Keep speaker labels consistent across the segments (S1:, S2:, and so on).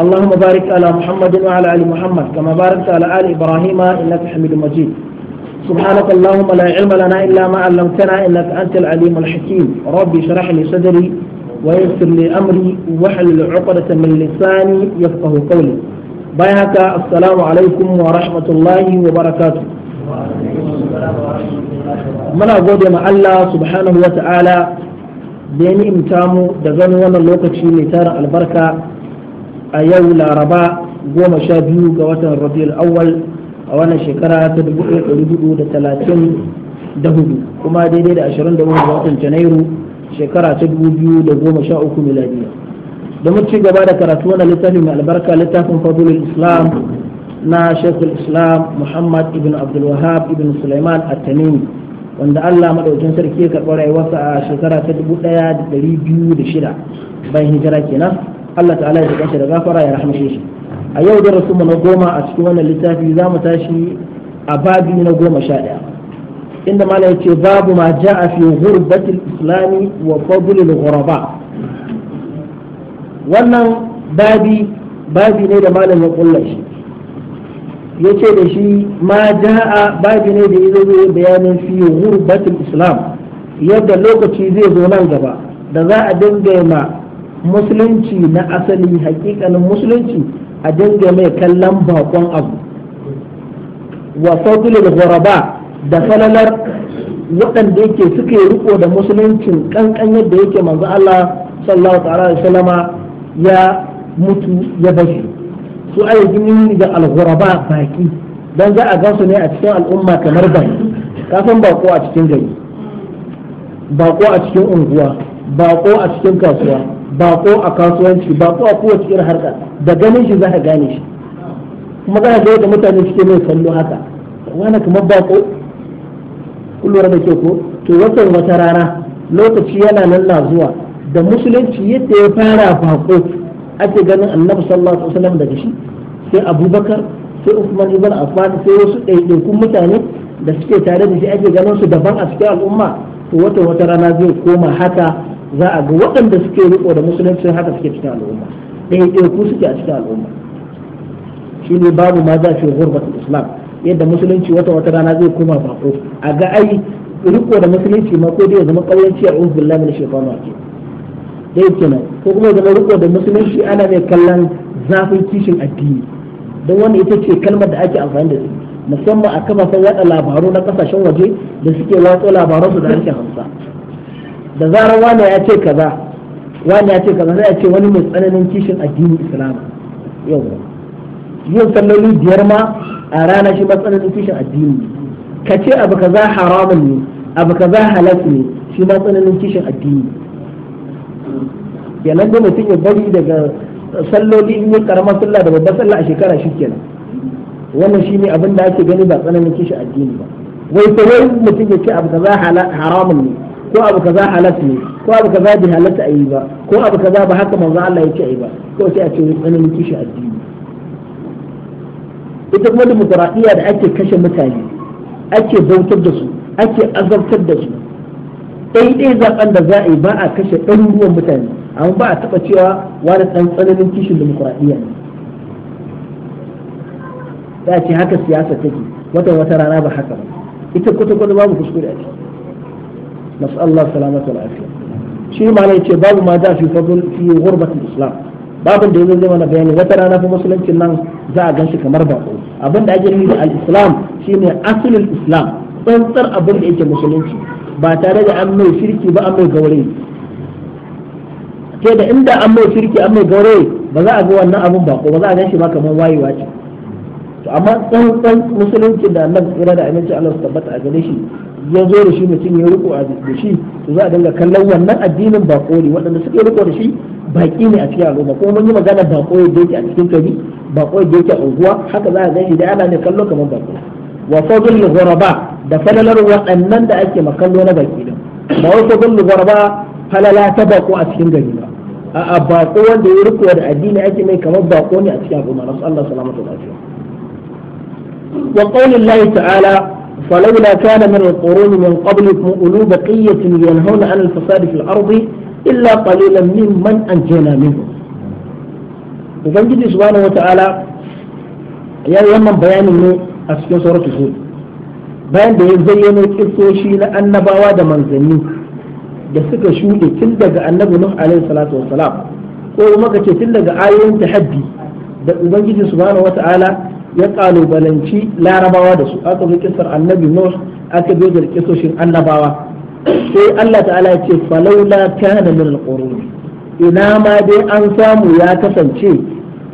S1: اللهم بارك على محمد وعلى آل محمد كما باركت على آل إبراهيم إنك حميد مجيد سبحانك اللهم لا علم لنا إلا ما علمتنا إنك أنت العليم الحكيم ربي اشرح لي صدري ويسر لي أمري واحلل عقدة من لساني يفقه قولي بينك السلام عليكم ورحمة الله وبركاته muna gode ma Allah subhanahu wa ta'ala da ya ni'imta mu da ganin wannan lokaci mai tarin albarka a yau laraba goma sha biyu ga watan rabiul awwal a wannan shekara ta dubu ɗaya ɗari hudu da talatin da hudu kuma daidai da ashirin da ga watan janairu shekara ta dubu biyu da goma sha uku miladiya domin ci gaba da karatu wannan littafin mai albarka littafin fadulul islam na shekul islam muhammad ibn abdul wahab ibn sulaiman at-tamimi wanda allah maɗaukin sarki ya karɓi rayuwarsa a shekara ta dubu ɗaya da ɗari biyu da shida bayan hijira kenan Allah ta'ala ya jikan da gafara ya rahmashe shi a yau da rasu na goma a cikin wannan littafi za mu tashi a babi na goma sha ɗaya inda mala ya ce babu ma a fi ghurbatil islami wa fadlil ghuraba wannan babi babi ne da malam ya kulla shi yace da shi ma ja'a babi ne da yazo zai bayanin fi ghurbatil islam yadda lokaci zai zo nan gaba da za a dinga ma musulunci na asali hakikalin musulunci a dinga mai kallon bakon abu wa fadlul ghuraba da falalar waɗanda yake suke riko da musuluncin kankan yadda yake manzo Allah sallallahu alaihi wasallama ya mutu ya bashi su ayi gini da al-ghuraba baki za a gansu ne a cikin al'umma kamar ba, kafin bako a cikin gari bako a cikin unguwa bako a cikin kasuwa bako a kasuwanci bako a kowace irin harka da ganin shi za ka gane shi kuma za ka ga yadda mutane suke mai kallo haka wani kamar bako kullum da ke ko to watan wata rana lokaci yana nan na zuwa da musulunci yadda ya fara bako ake ganin annabi sallallahu alaihi wasallam daga shi sai abubakar sai usman ibn affan sai wasu ɗaiɗaikun mutane da suke tare da shi ake ganin su daban a cikin al'umma to wata wata rana zai koma haka za a ga waɗanda suke riko da musulunci haka suke cikin al'umma ɗaya ɗaya ku suke a cikin al'umma shi ne babu ma za fi gurbatul islam yadda musulunci wata wata rana zai koma bako a ga ai riko da musulunci ma ko dai ya zama ƙauyanci a ubu billahi shekaru shaitan ke dai kenan ko kuma ya zama riko da musulunci ana mai kallon zafin kishin addini don wani ita ce kalmar da ake amfani da su musamman a kafafen yada labaru na kasashen waje da suke watsa labaransu da harshen hausa da zarar wani ya ce kaza wani ya ce kaza zai ce wani mai tsananin kishin addinin islam yau yin salloli biyar ma a rana shi tsananin kishin addini ka ce abu kaza haramun ne abu kaza halal ne shi tsananin kishin addini kenan da mutum ya bari daga salloli in yi karamar sallah da babbar sallah a shekara shi kenan wannan shi ne abin da ake gani ba tsananin kishin addini ba wai ta wai mutum ya ce abu kaza haramun ne ko abu kaza halas ne ko abu kaza bai halatta ayi ba ko abu kaza ba haka manzo Allah yake ayi ba ko sai a ce wani kishi addini ita kuma dimokuraɗiyya da ake kashe mutane ake bautar da su ake azabtar da su ɗai ɗai zaɓen da za a yi ba a kashe ɗaruruwan mutane amma ba a taɓa cewa wani ɗan tsananin kishin dimokuraɗiyya ne da ce haka siyasa take wata wata rana ba haka ba ita kwata-kwata babu kuskure a ciki nas'allahu salamata wal afiya shi malai ce babu ma da fi fadl fi ghurbatil islam babu da yanzu zai na bayani wata rana fi musulunci nan za a gan shi kamar bako abin da ake yi da al-islam shi ne asalin islam tsantsar abin da yake musulunci ba tare da an mai shirki ba an mai gaure ke da inda an mai shirki an mai gaure ba za a ga wannan abin bako ba za a ganshi ba kamar wayewa ce to amma tsantsan musulunci da nan tsira da aminci Allah su tabbata a gare shi ya zo da shi mutum ya riko da shi to za a dinga kallon wannan addinin bako ne waɗanda suka yi riko da shi baki ne a cikin al'umma kuma mun yi magana bako ya yake a cikin gari bako ya yake a unguwa haka za a gani da ana ne kallo kamar bako wa fadlul ghuraba da falalar waɗannan da ake makallo na baki din ba wa fadlul ghuraba falala ta bako a cikin gari ba a'a bako wanda ya riko da addini ake mai kamar bako ne a cikin al'umma nasu Allah salamatu lafiya wa qaulillahi ta'ala فلولا كان من القرون من قبلكم أولو بقية ينهون عن الفساد في الأرض إلا قليلا ممن أنجينا منهم وبنجد سبحانه ya yi يمن bayanin ne a cikin suratu hud bayan da ya zayyano kisoshi na annabawa da manzanni da suka shuɗe tun daga annabi nuh alaihi salatu ko kuma ce tun daga ayoyin tahaddi da ubangiji subhanahu wata'ala ya kalubalanci larabawa da su aka zo kisar annabi nuh aka zo da kisoshin annabawa sai Allah ta'ala ya ce falaula kana min alqurun ina ma dai an samu ya kasance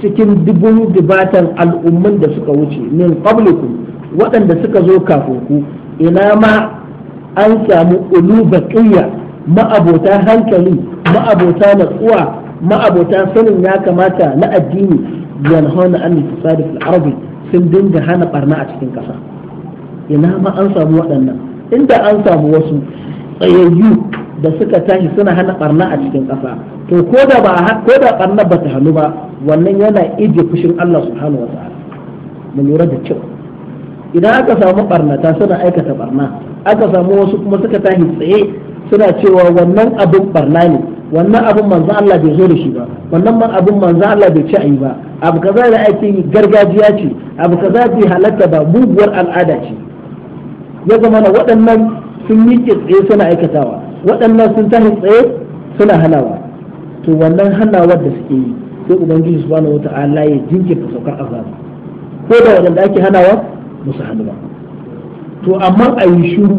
S1: cikin dubu dubatan al'umman da suka wuce min qablikum waɗanda suka zo kafin ku ina ma an samu ulu ma ma'abota hankali ma'abota natsuwa ma'abota sanin ya kamata na addini yanhauna an fasadi fil ardi sun dinga hana barna a cikin kasa ina ma an samu waɗannan inda an samu wasu tsayayyu da suka tashi suna hana barna a cikin kasa to ko da barna ba ta hannu ba wannan yana ije fushin Allah subhanahu wataala mu lura da cewa idan aka samu barnata suna aikata barna aka samu wasu kuma suka tashi tsaye suna cewa wannan abin barna ne wannan abin manzo Allah bai zo da shi ba wannan man abin manzo Allah bai ci a yi ba abu kaza da ake yi gargajiya ce abu kaza bai halatta ba muguwar al'ada ce ya zama na waɗannan sun yi tsaye suna aikatawa waɗannan sun tashi tsaye suna hanawa to wannan hanawar da suke yi sai ubangiji subhanahu wata'ala ya jinkirta saukar azaba ko da waɗanda ake hanawa musu hannu ba to amma a yi shiru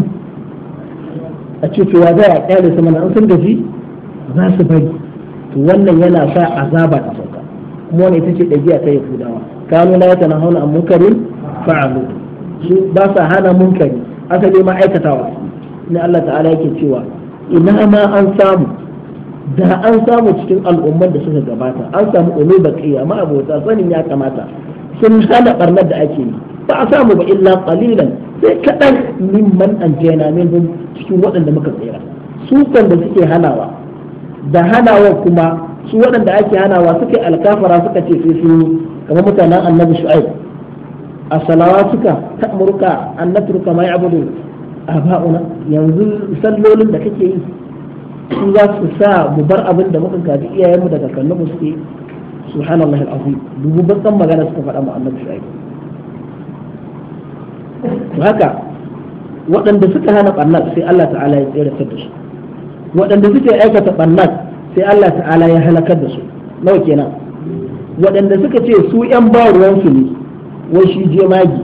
S1: a ce cewa za a kyale su mana an sun gaji za su bari to wannan yana sa azaba ta sauka kuma wani ita ce ɗabi'a ta yahudawa kanu la yatana hauna an munkarin fa'alu su ba sa hana munkari asali ma aikatawa ne Allah ta'ala yake cewa ina ma an samu da an samu cikin al'ummar da suka gabata an samu ulu baqiya ma abota sanin ya kamata sun hana barnar da ake yi ba a samu ba illa qalilan sai kadan mimman anjayna minhum cikin waɗanda muka tsira su kan da suke hanawa da hanawa kuma su waɗanda ake hanawa suke alkafara suka ce sai sun kamar mutanen annabi shu'aib a salawa suka ta'muruka an ma ya'budu aba'una yanzu sallolin da kake yi su za su sa mu bar abin da muka gaji iyayenmu daga kallon suke subhanallahi alazim dubu bakan magana suka faɗa mu annabi shu'aib to haka waɗanda suka hana ɓannar sai Allah ta'ala ya tsere da su waɗanda suka aikata ɓannar sai Allah ta'ala ya halakar da su nawa kenan waɗanda suka ce su ƴan ba su ne wai shi jemagi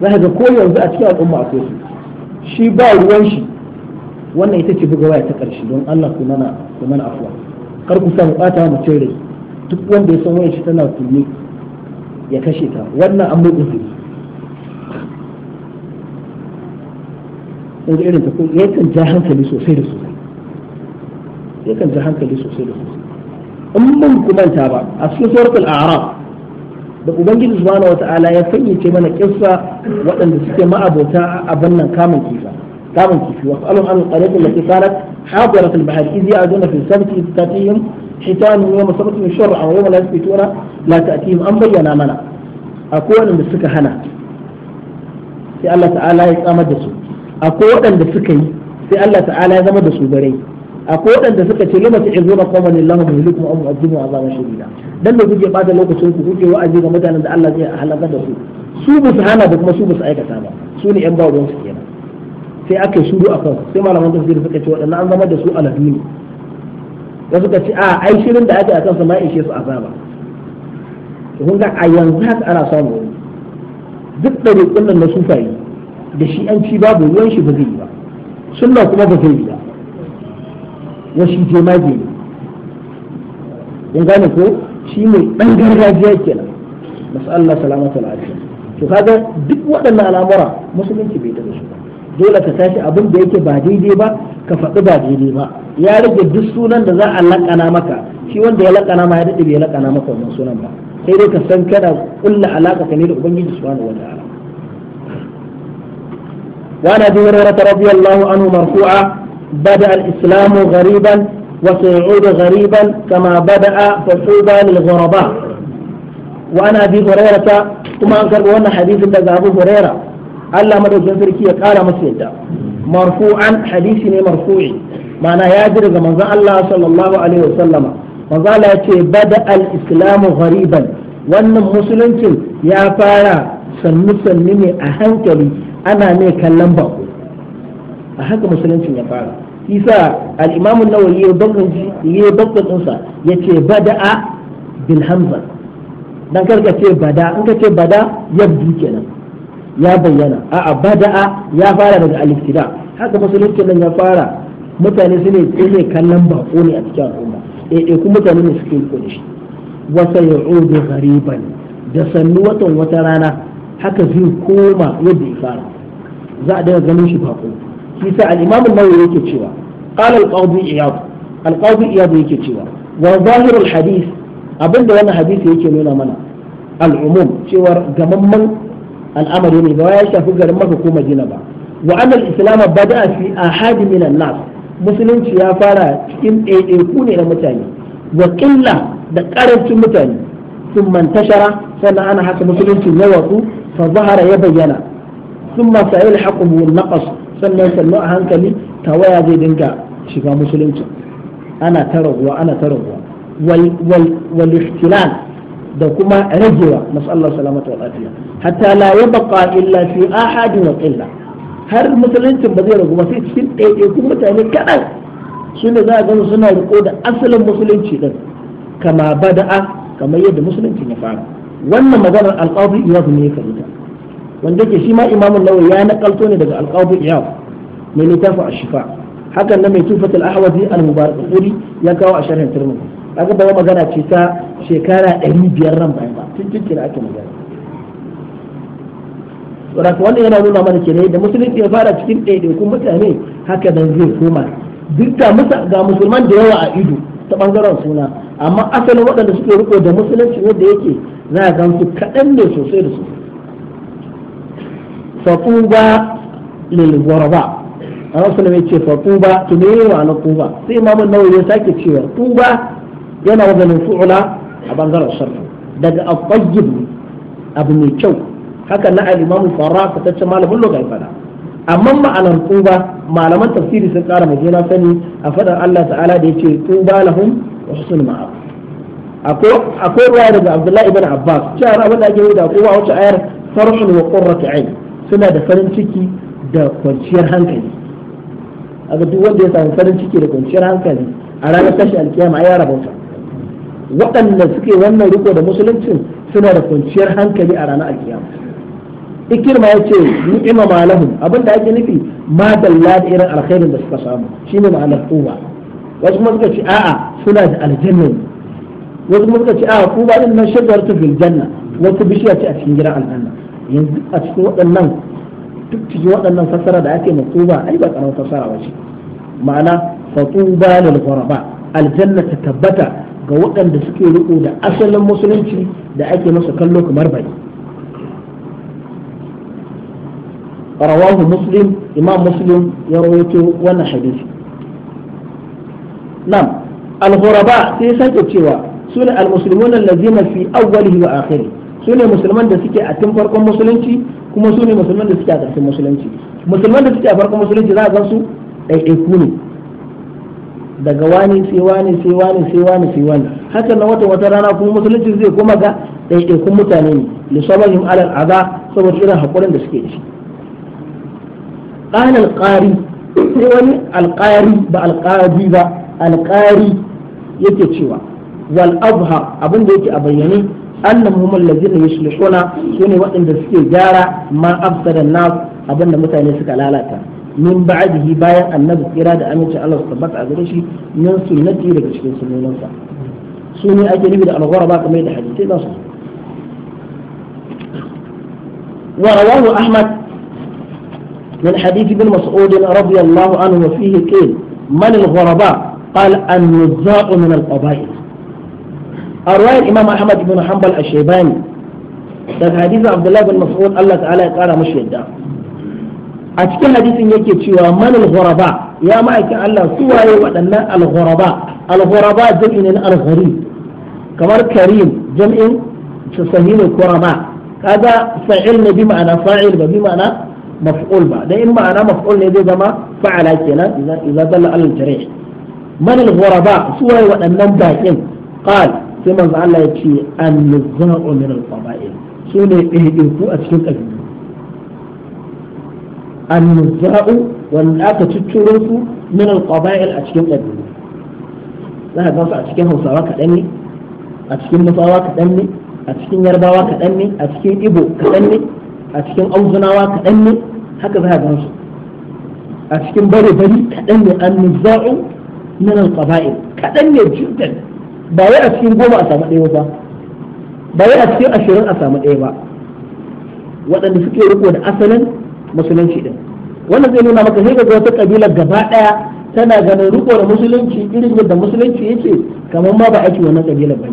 S1: za ga ko yanzu a cikin al'umma a su shi ba ruwan shi wannan ita ce buga waya ta ƙarshe don Allah ku mana ku mana afuwa kar ku samu ɓata mutum rai duk wanda ya san wayar shi tana tuni ya kashe ta wannan an mai uzuri kaga irin ta yakan ja hankali sosai da sosai yakan ja hankali sosai da sosai in ban kumanta ba a cikin suratul a'raf da ubangiji subhanahu wata'ala ya fayyace mana kissa waɗanda suke ma'abota abin nan kamun kifa kamun kifi wa qalu an qaryat allati kanat hadirat al-bahr idh ya'duna fi sabti tatihim hitan yawm sabti shur'a wa yawm la yasbituna la ta'tihim an bayyana mana akwai waɗanda suka hana sai Allah ta'ala ya tsamar da su akwai waɗanda suka yi sai Allah ta'ala ya zama da su gare akwai waɗanda suka ce lima ta'izuna qawman illahu muhlikum aw mu'adhibu zama shadida dan da kuke bada lokacin ku kuke wa'azi ga mutanen da Allah zai halaka da su su ba su hana da kuma su ba su aikata ba su ne yan bawon su kenan sai aka yi shuru akan sai malaman tafsir suka ce waɗannan an zama da su aladu ne wasu ka ce a ai shirin da ake akan sa ma ishe su azaba kun ga a yanzu haka ana samu duk ɗari kunnan na sufa yi. da shi an ci babu ruwan shi ba zai yi ba sunna kuma ba zai yi ba washi jemage ne kun gane ko shi mai ɗan gargajiya kenan masu Allah salamata to kaga duk waɗannan al'amura musulunci bai da su dole ka tashi abin da yake ba daidai ba ka faɗi ba daidai ba ya rage duk sunan da za a lakana maka shi wanda ya lakana ma ya daɗe bai lakana maka wannan sunan ba sai dai ka san kana ƙulla alaka ka ne da ubangiji subhanahu wa ta'ala وعن ابي هريره رضي الله عنه مرفوعا بدا الاسلام غريبا وسيعود غريبا كما بدا فحوبا للغرباء وعن ابي هريره كما انكر وانا حديث لدى ابو هريره الله مدوكين سركي قال مسجد مرفوعا حديث مرفوعي معنى يادر من الله صلى الله عليه وسلم manzala ya ce bada al-islamu ghariban wannan musuluncin ya fara sannu sannu ne a hankali ana ne kallon bako a haka musuluncin ya fara isa al nawa nawawi ya bakon ya bakon ɗinsa ya ce bada'a bil hamza dan karka ce bada in ka ce bada yabdu kenan ya bayyana a'a a ya fara daga alifida haka musuluncin nan ya fara mutane su ne ne kallon bako ne a cikin al'umma eh kuma mutane ne suke yi ko da shi ghariban da sannu watan wata rana haka zai koma yadda ya fara za a daga ganin shi bako shi sa al-imam an-nawawi yake cewa qala al-qadi iyad al iyad yake cewa wa zahir al-hadith abinda wannan hadisi yake nuna mana al-umum cewa gamamman al'amari ne ba ya shafi garin maka ko madina ba wa anna al-islam bada'a fi ahad min an-nas musulunci ya fara cikin ɗaiɗaiku ne na mutane wa da ƙarancin mutane sun mantashara sannan ana haka musulunci ya watsu fa zahara ya bayyana thumma sayalhaquhu naqas sannan sannu a hankali ta waya zai dinga shiga musulunci ana ta raguwa ana ta raguwa wal da kuma ragewa masallar salamata wal afiya hatta la yabqa illa fi ahadin wa qilla har musuluncin ba zai ragu ba sai cikin ɗaiɗaikun mutane kaɗan su ne za a gani suna riko da asalin musulunci ɗin kama bada'a kamar yadda musuluncin ya fara wannan maganar alqadi iyad ne ya karanta wanda ke shi ma imamun nawawi ya nakalto ne daga alqadi iyad mai littafin shifa hakan na mai tufatul ahwazi al-mubarak ya kawo a sharhin tirmidhi aka bawa magana ce ta shekara 500 ran bayan ba tun cikin ake magana saboda wanda yana nuna mana kenan da musulunci ya fara cikin ɗaiɗaikun mutane haka nan zai koma duk ga musulman da yawa a ido ta bangaren suna amma asalin waɗanda suke riko da musulunci wanda yake za a gan su kaɗan ne sosai da sosai fatuba lil ghuraba rasul mai ce fatuba to ne wa tuba sai imamu nawawi ya sake cewa tuba yana wazanin fu'ula a bangaren sharri daga at-tayyib abu mai kyau haka na al-imamu farra malamin logai fada amma ma'anar tuba malaman tafsiri sun kara mai jina sani a fadar Allah ta'ala da yace tuba lahum wa husnul ma'ab akwai ruwa daga abdullahi ibn abbas cewa abin da ake yi da kowa wacce ayar farhun wa qurratu ayn suna da farin ciki da kwanciyar hankali aga duk wanda ya samu farin ciki da kwanciyar hankali a ranar tashi alkiyama ya rabauta waɗanda suke wannan riko da musuluncin suna da kwanciyar hankali a ranar alkiyama ikirma ya ce ni'ima malahum abin da ake nufi ma dalla da irin alkhairin da suka samu shine ma'anar uwa wasu kuma suka ce a'a suna da aljanna wasu kuma suka ce a ah, ku ba din nan ta fil janna wata bishiya ce a cikin gidan aljanna yanzu a cikin waɗannan duk cikin waɗannan fassara da ake makuba ai ba karamar fassara ba ce ma'ana fatuba lil ghuraba aljanna ta tabbata ga waɗanda suke riko da asalin musulunci da ake masa kallo kamar bai rawahu muslim imam muslim ya rawaito wannan hadisi nam al-ghuraba sai sake cewa su ne al almusulmuna allazina fi awwalihi wa akhiri su ne musulman da suke a tun farkon musulunci kuma su ne musulman da suke a ƙarshen musulunci musulman da suke a farkon musulunci za a gan su ɗaiɗaiku ne daga wani sai wani sai wani sai wani sai wani haka na wata wata rana kuma musulunci zai koma ga ɗaiɗaikun mutane ne lisabahim alal aza saboda irin haƙurin da suke da shi qala al-qari sai wani alƙari ba alƙadi ba alƙari yake cewa والأظهر أبن ديك أبيني أنهم هم الذين يصلحون سوني وإن دسك جارة ما أفسد الناس أبن نمتا نسك لالاتا من بعد هباية أن نبق إرادة أن يتعال الله سبحانه أدريشي من سنة لك شكين سنين نفسه سوني أجل يبدأ أن غربا كميدة حديثي نصر ورواه أحمد من حديث ابن مسعود رضي الله عنه وفيه قيل من الغرباء قال النزاع من القبائل a ruwayar imam ahmad ibn hanbal a shaibani daga hadisin abdullahi bin mas'ud allah ta'ala ya kara mashi yadda a cikin hadisin yake cewa man al ya ma'aikin Allah su waye waɗannan al-ghuraba al-ghuraba jam'in al-gharib kamar karim jam'in sahihul kurama kada fa'il na bi ma'ana fa'il ba bi ma'ana maf'ul ba dan in ma'ana maf'ul ne zai zama fa'ala kenan idan idan dalla al-jarih man al-ghuraba su waye waɗannan bakin qal sai manzo Allah ya ce an-nizza'u min al-qaba'il sune ɗaiɗaiku a cikin ƙabilu an wanda aka cicciro su min al-qaba'il a cikin ƙabilu za ka gansu a cikin Hausawa kaɗan ne a cikin Musawa kaɗan ne a cikin Yarbawa kaɗan ne a cikin Ibo kaɗan ne a cikin Auzunawa kaɗan ne haka za ka gansu a cikin bare bari kaɗan ne an-nizza'u min al-qaba'il kaɗan ne jiddan ba wai a cikin goma a samu ɗaya ba ba wai a cikin ashirin a samu ɗaya ba waɗanda suke riko da asalin musulunci ɗin wannan zai nuna maka sai wata ƙabila gaba ɗaya tana ganin riko da musulunci irin yadda musulunci yake kamar ma ba aiki wannan ƙabila ba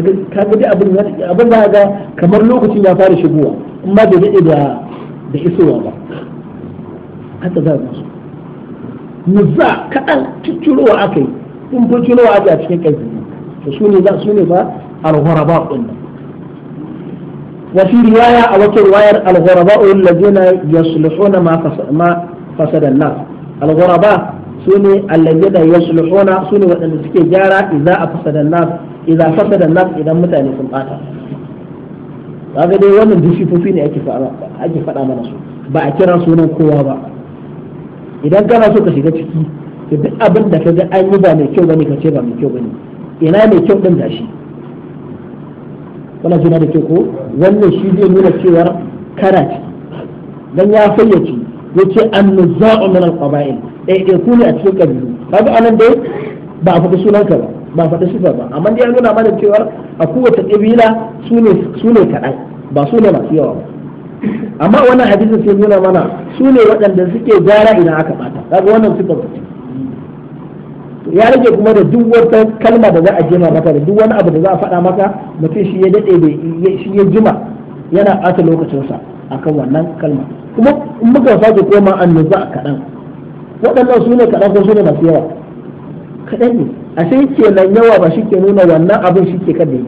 S1: ne kaga dai abin abin ba ga kamar lokacin ya fara shigowa in ba bai daɗe da da isowa ba haka za su nuzza kaɗan ciccirowa aka yi in fi ciro a a cikin kai? to su ne za su ne fa al-ghuraba din wa fi riwaya a wata riwayar al-ghuraba allazina yaslihuna ma ma fasada nas al-ghuraba sune allazina yaslihuna ne waɗanda suke gyara idza a fasada nas idza fasada nas idan mutane sun bata kaga dai wannan disifofi ne ake fara ake faɗa mana su ba a kira sunan kowa ba idan kana so ka shiga ciki to duk abin da kaga an yi ba mai kyau bane ka ce ba mai kyau bane ina mai kyau din shi wannan jina da ke ko wannan shi zai nuna cewar karat dan ya fayyace yace annuza'u min al-qaba'il eh eh ku ne a cikin kabilu kaga anan dai ba a faɗi sunanka ba ba a faɗi sifa ba amma dai an nuna mana cewar a kowace kabila su ne su ne kaɗan ba su ne masu yawa ba amma wannan hadisin sai nuna mana su ne waɗanda suke gara idan aka bata kaga wannan sifar ce ya rage kuma da duk wata kalma da za a jima maka da duk wani abu da za a faɗa maka mutum shi ya daɗe bai shi ya jima yana ɓata lokacinsa a kan wannan kalma kuma in muka sake koma za a kaɗan waɗannan su ne kaɗan ko su ne masu yawa kaɗan ne a sai nan yawa ba shi ke nuna wannan abin shi ke kan da yi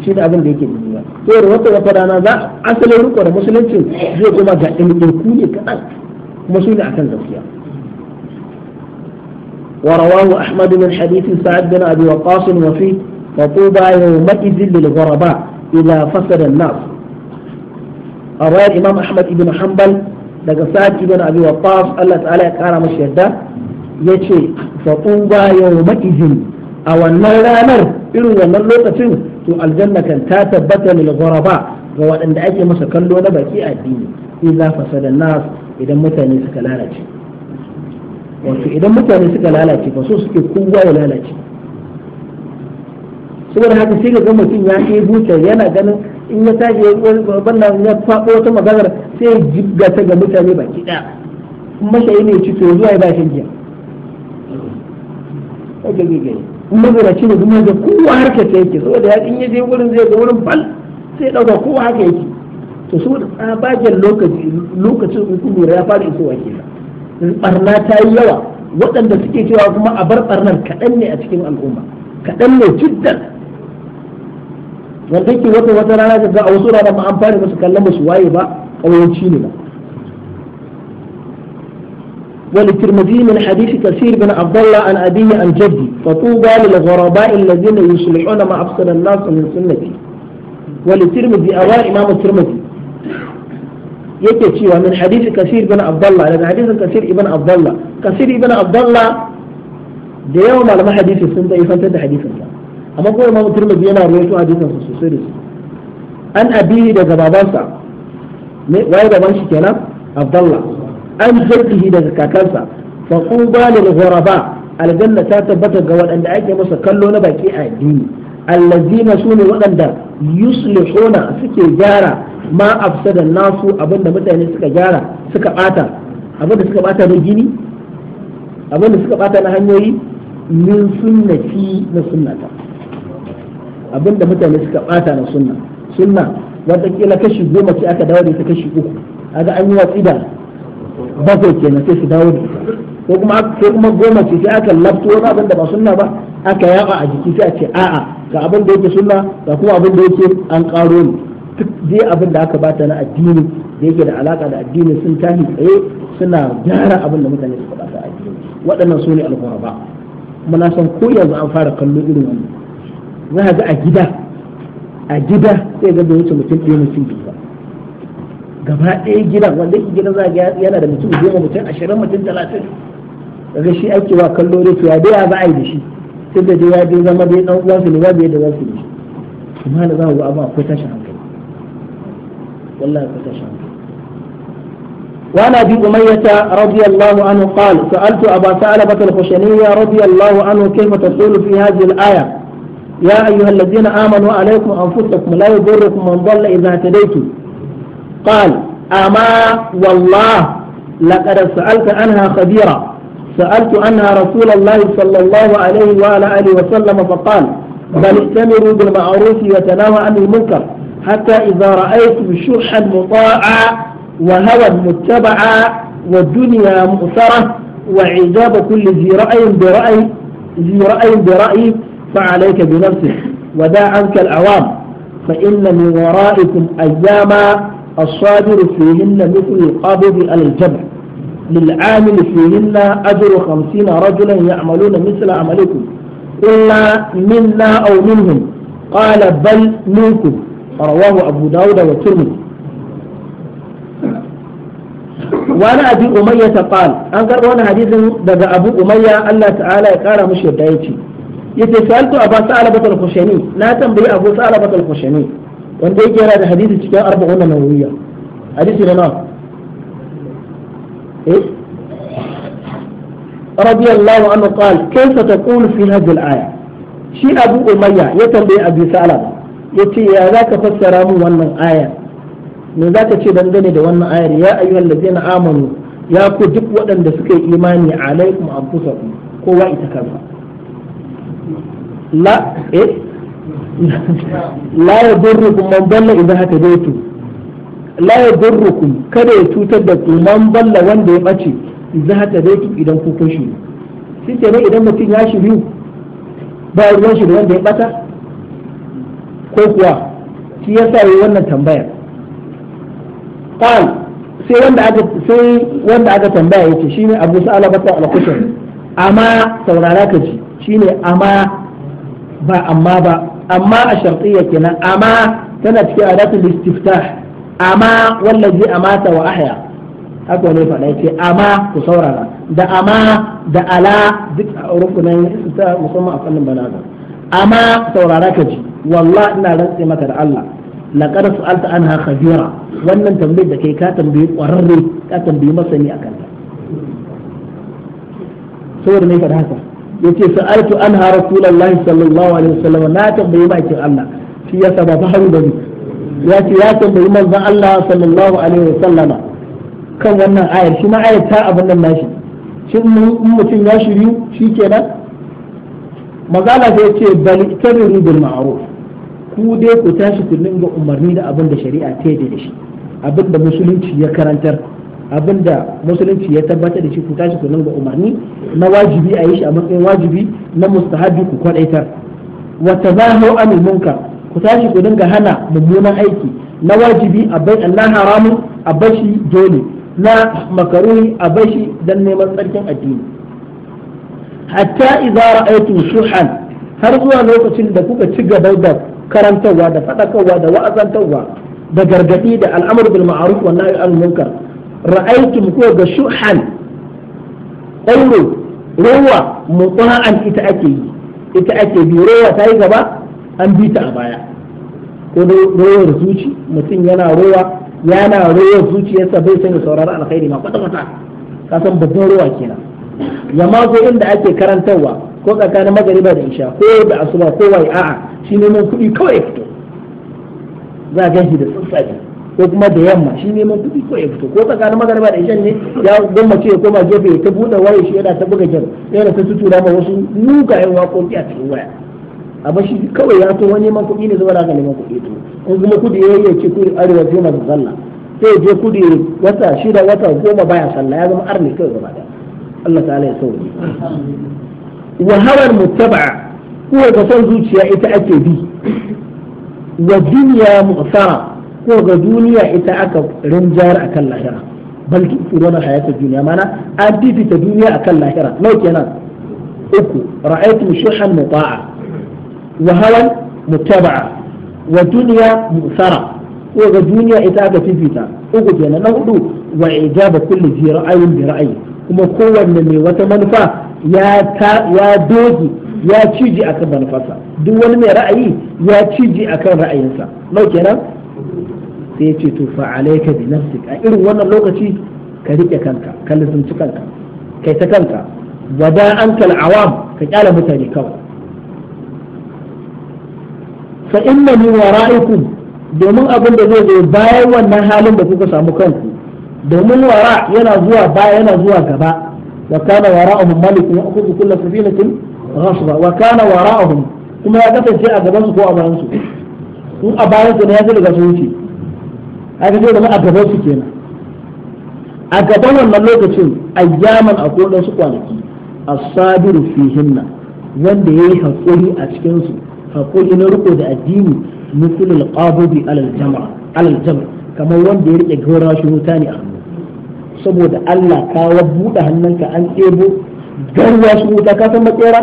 S1: shi ne abin da yake da yi ba da wata wata rana za a asalin riko da musulunci zai koma ga ɗin ku ne kaɗan kuma su ne a kan gaskiya ورواه أحمد من حديث سعد بن أبي وقاص وفي وطوبى يومئذ للغرباء إذا فسد الناس أرواه الإمام أحمد بن حنبل لك سعد بن أبي وقاص الله تعالى كان مشهدا يتشي فطوبى يومئذ أو النار نار إلو ومن لوقة الجنة كان تاتبت للغرباء وهو أن مسكن لون بكي الدين إذا فسد الناس إذا متني سكالانا تشي wato idan mutane suka lalace ba so suke kowa ya lalace saboda haka sai ga mutum ya ke buce yana ganin in ya tashi wannan ya faɗo wata maganar sai ya jibga ta ga mutane ba ki ɗaya in mashayi ne ci to zuwa ya ba shi giya ake zai in mazara mazaraci ne zuma da kowa harka ta yake saboda ya in ya je wurin zai ga wurin bal sai ɗauka kowa haka yake to saboda tsabagen lokacin lokacin ya fara isowa kenan barna ta yi yawa waɗanda suke cewa kuma a bar barnar kaɗan ne a cikin al'umma kaɗan ne ciddan wanda ke wata wata rana ga a wasu rana ma an fara musu kallon musu waye ba ƙawanci ne ba وللترمذي من حديث كثير بن عبد الله عن أبيه عن جدي فطوبى ma الذين يصلحون ما أفسد الناس من سنتي وللترمذي أوى إمام الترمذي yake cewa min hadisi kasir ibn abdullah daga hadisin kasir ibn abdullah kasir ibn abdullah da yawa malama hadisi sun da ifantar da hadisin sa amma kuma imamu turmudi yana rawaito hadisin sa sosai da su an abihi daga babansa waye baban shi kenan abdullah an jaddihi daga kakansa fa quba lil ghuraba aljanna ta tabbata ga waɗanda ake masa kallo na baki a addini allazina sune waɗanda yuslihuna suke gyara ma afsada nasu abinda mutane suka gyara suka bata abinda suka bata na gini abinda suka bata na hanyoyi min sunnati na sunnata abinda mutane suka bata na sunna sunna watakila kashi goma ce aka dawo da ita kashi uku aga an yi watsi da bakwai kenan sai su dawo da ko kuma sai kuma goma ce sai aka lafto wani abin da ba sunna ba aka yaba a jiki sai a ce a'a ga abin da yake sunna ga kuma abin da yake an karo ne duk dai abin da aka bata na addini da yake da alaka da addini sun tashi tsaye suna gyara abin da mutane suka bata addini waɗannan su ne alghuraba muna son ko yanzu an fara kallo irin wannan za a ga a gida a gida sai ga da wuce mutum ɗaya mutum biyu ba gaba ɗaya gidan wanda yake gidan za ga yana da mutum goma mutum ashirin mutum talatin daga shi ake wa kallo da to ya ba a yi da shi tun dai ya dai zama ya ɗan uwansu ne ba bai da za ne shi kuma da za ku ga abin akwai tashin والله كتشان وعن ابي اميه رضي الله عنه قال سالت ابا ثعلبه الخشني رضي الله عنه كيف تقول في هذه الايه يا ايها الذين امنوا عليكم انفسكم لا يضركم من ضل اذا اهتديتم قال اما والله لقد سالت عنها خبيرا سالت عنها رسول الله صلى الله عليه وعلى اله وسلم فقال بل ائتمروا بالمعروف وتناهوا عن المنكر حتى إذا رأيتم شرحا مطاعا وهوى متبعا والدنيا مؤثرة وعجاب كل ذي رأي برأي ذي رأي برأي فعليك بنفسك ودع عنك الأوام فإن من ورائكم أياما الصابر فيهن مثل القابض على الجمع للعامل فيهن أجر خمسين رجلا يعملون مثل عملكم إلا منا أو منهم قال بل منكم رواه أبو داود والترمذي وعن أبي أمية قال أنكر وانا حديث دقى أبو أمية الله تعالى قال مش يدايتي yace saltu aba salabata al-khushani na tambayi abu salabata al-khushani wanda yake yana da hadisi cikin arba'un na nawawiyya hadisi na nawa eh radiyallahu anhu qala kayfa taqulu fi hadhihi al-aya shi abu umayya ya tambayi abu ya ce ya za ka fassara mu wannan aya me za ka ce dangane da wannan ayar ya ayyuhal ladzina amanu ya ku duk waɗanda suka yi imani alaikum anfusakum kowa ita kansa la eh la yadurrukum man dalla idan haka daitu la yadurrukum kada ya cutar da ku man wanda ya bace idan haka daitu idan ku kushi shi shi ne idan mutum ya shiryu ba ruwan shi da wanda ya bata ko kuwa shi sa yi wannan tambayar qal sai wanda aka sai wanda aka tambaya yace shine Abu Salama ta al-Kushayri amma saurara ka ji shine amma ba amma ba amma a shartiyya kenan amma tana cikin adatul istiftah amma wallazi amata wa ahya haka ne faɗa yace amma ku saurara da amma da ala duk rukunan musamman a fannin balaga amma saurara ka ji wallahi ina rantse maka da Allah laqad su'alta anha khabira wannan tambayar da kai ka tambayi kwararre ka tambayi masani akan ta saboda ne da haka yace sa'altu anha rasulullahi sallallahu alaihi wasallam na tambayi bakin Allah shi yasa ba fahimu bane ya ce ya tambayi manzon Allah sallallahu alaihi wasallam kan wannan ayar shi ma ayar ta abin nan nashi shin mutum ya shiryu shi kenan magala da ce bal ikriru bil ma'ruf ku dai ku tashi ku dinga umarni da abin da shari'a ta yi da shi abin da musulunci ya karantar abin da musulunci ya tabbatar da shi ku tashi ku dinga umarni na wajibi a yi shi a matsayin wajibi na mustahabi ku kwadaitar wa tazahu anil munkar ku tashi ku dinga hana mummunan aiki na wajibi a bai na haramun a bashi dole na makaruni a bashi dan neman tsarkin addini hatta idza aikin shuhan har zuwa lokacin da kuka ci gaba da karantarwa da faɗakarwa da wa'azantarwa da gargadi da al'amur bil ma'ruf wa nahy anil munkar ra'aytum ko ga shuhan ɗauro rowa an ita ake yi ita ake bi rowa ta yi gaba an bi ta a baya ko rowar zuci mutum yana ruwa yana rowar zuciyarsa bai sanya saurara alkhairi ma kwata kwata ka babban rowa kenan ya ma zo inda ake karantarwa ko tsakanin magariba da isha ko da asuba ko wai a'a shi neman kuɗi kawai ya fito za a gan shi da tsatsafi ko kuma da yamma shi neman kuɗi ko ya fito ko tsakanin magariba da isha ne ya gwammace ya koma gefe ya ta buɗe waya shi yana ta buga jar yana ta tutura ma wasu mugayen waƙoƙi a cikin waya amma shi kawai ya to wani neman kuɗi ne zuwa haka neman kuɗi to in kuma kuɗi ya yi ce kuɗi arewa sai masu sallah sai je kuɗi wata shida wata goma baya sallah ya zama arni kawai gaba ɗaya Allah ta'ala ya sauke wa hawar muttaba'a ko ga son zuciya ita ake bi wa duniya mu'sara ko ga duniya ita aka rinjar akan lahira bal tu'thiruna hayata duniya mana an fifita duniya akan lahira nau kenan uku ra'aytu shuhan muta'a wa hawan muttaba'a wa duniya mu'sara ko ga duniya ita aka fifita uku kenan na hudu wa ijaba kulli ji ra'ayin bi ra'ayi kuma kowanne mai wata manufa ya doge ya ciji akan manufarsa duk wani mai ra'ayi ya ciji akan ra'ayinsa nau kenan sai ya ce to fa bi nafsik a irin wannan lokaci ka rike kanka ka lissanci kanka kai ta kanka wada ankal awam ka kyala mutane kawai fa inna min wara'ikum domin abin da zai zo bayan wannan halin da kuka samu kanku domin wara yana zuwa baya yana zuwa gaba wa kana wara'uhum malikun ya'khudhu kulla safinatin ghasba wa kana wara'uhum kuma ya kasance a gaban su ko a bayan su in a bayan su ne ya ji daga su wuce haka sai zama a gaban su kenan a gaban wannan lokacin ayyaman a kodin su kwanaki as-sabiru fihinna wanda yayi hakuri a cikin su hakuri na riko da addini mislul qabdi alal jama'a alal jama'a kamar wanda ya rike gora shi wuta ne a hannu saboda Allah ka wa buɗe hannunka an ɗebo garwa shi wuta ka san matsera